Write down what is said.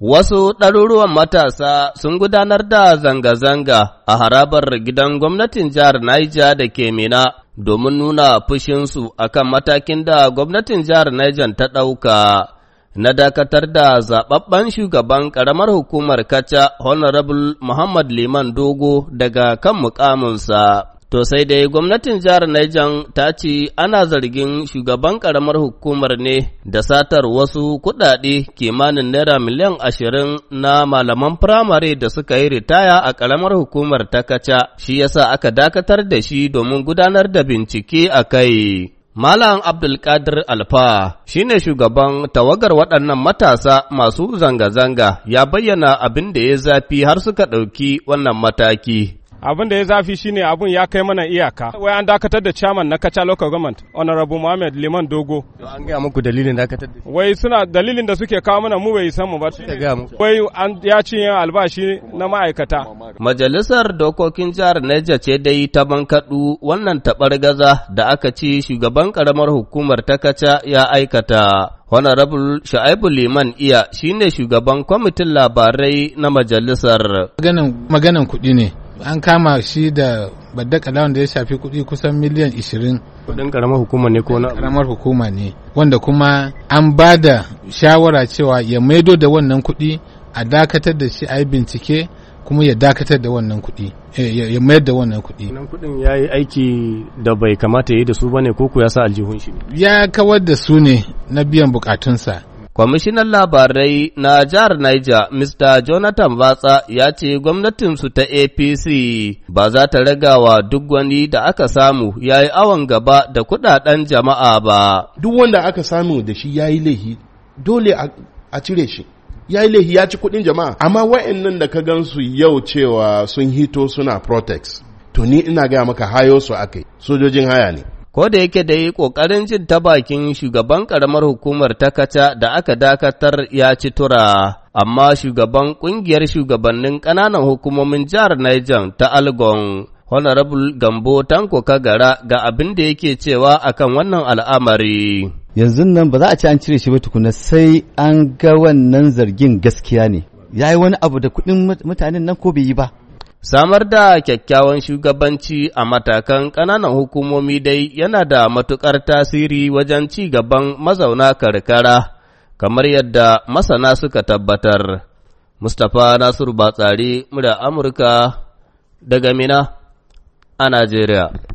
Wasu ɗaruruwan matasa sun gudanar da zanga-zanga a harabar gidan gwamnatin jihar Niger da ke Mina domin nuna fushinsu akan matakin da gwamnatin jihar Niger ta ɗauka na dakatar da zaɓaɓɓen shugaban ƙaramar hukumar kaca Honorable Muhammad Liman Dogo daga kan mukaminsa. To sai dai gwamnatin jihar Niger ta ce ana zargin shugaban ƙaramar hukumar ne da satar wasu kuɗaɗe kimanin naira miliyan ashirin na malaman firamare da suka yi ritaya a ƙaramar hukumar ta kaca, shi yasa aka dakatar da shi domin gudanar da bincike a kai. Malam Abdulkadir Alfa shi ne shugaban tawagar waɗannan matasa masu zanga-zanga ya bayyana abin da ya zafi har suka ɗauki wannan mataki abin da ya zafi shine abun ya kai mana iyaka wai an dakatar da chairman na kacha local government honorable muhammad liman dogo an gaya muku dalilin dakatar da wai suna dalilin da suke kawo mana mu bai san mu ba wai an ya cinye albashi na ma'aikata majalisar dokokin jihar Niger ce dai ta bankaɗu wannan tabar gaza da aka ci shugaban karamar hukumar ta kacha ya aikata Honorable Sha'ibu Liman Iya shine shugaban kwamitin labarai na majalisar. Maganan kuɗi ne, an kama shi da lawan da ya shafi kuɗi kusan miliyan 20 kudin karamar hukuma ne ko na karamar hukuma ne wanda kuma an ba da shawara cewa ya maido da wannan kuɗi a dakatar da shi a yi bincike kuma ya dakatar da wannan kuɗi eh, ya mayar da wannan kuɗi. Wannan kuɗin ya yi aiki da bai kamata ya yi da su ba ne ko ya sa aljihun shi ne? Ya kawar da su ne na biyan bukatunsa Kwamishinan labarai na jihar Niger, Mr. Jonathan Batsa ya ce gwamnatinsu ta APC ba za ta ragawa duk wani da aka samu ya yi awon gaba da kudaden jama'a ba. Duk wanda aka samu da shi ya yi laihi, dole a cire shi. ya yi laihi ya ci kuɗin jama'a amma wa'annan da ka gansu yau cewa sun hito suna protex to ni ina gaya maka hayo su akai sojojin haya ne ko da yake da yi ƙoƙarin jin ta bakin shugaban ƙaramar hukumar ta kaca da aka dakatar ya ci tura, amma shugaban ƙungiyar shugabannin ƙananan hukumomin jihar Niger ta Algon, Honorable Gambo Tanko Kagara ga abin da yake cewa akan wannan al'amari. Yanzu nan ba za a ci an cire shi ba tukuna sai an ga wannan zargin gaskiya ne. Ya yi wani abu da kuɗin mutanen nan ko bai yi ba. Samar da kyakkyawan shugabanci a matakan ƙananan hukumomi dai yana da matukar tasiri wajen ci gaban mazauna karkara, kamar yadda masana suka tabbatar. Mustapha Nasiru Batsari, Mura Amurka daga Mina a Najeriya.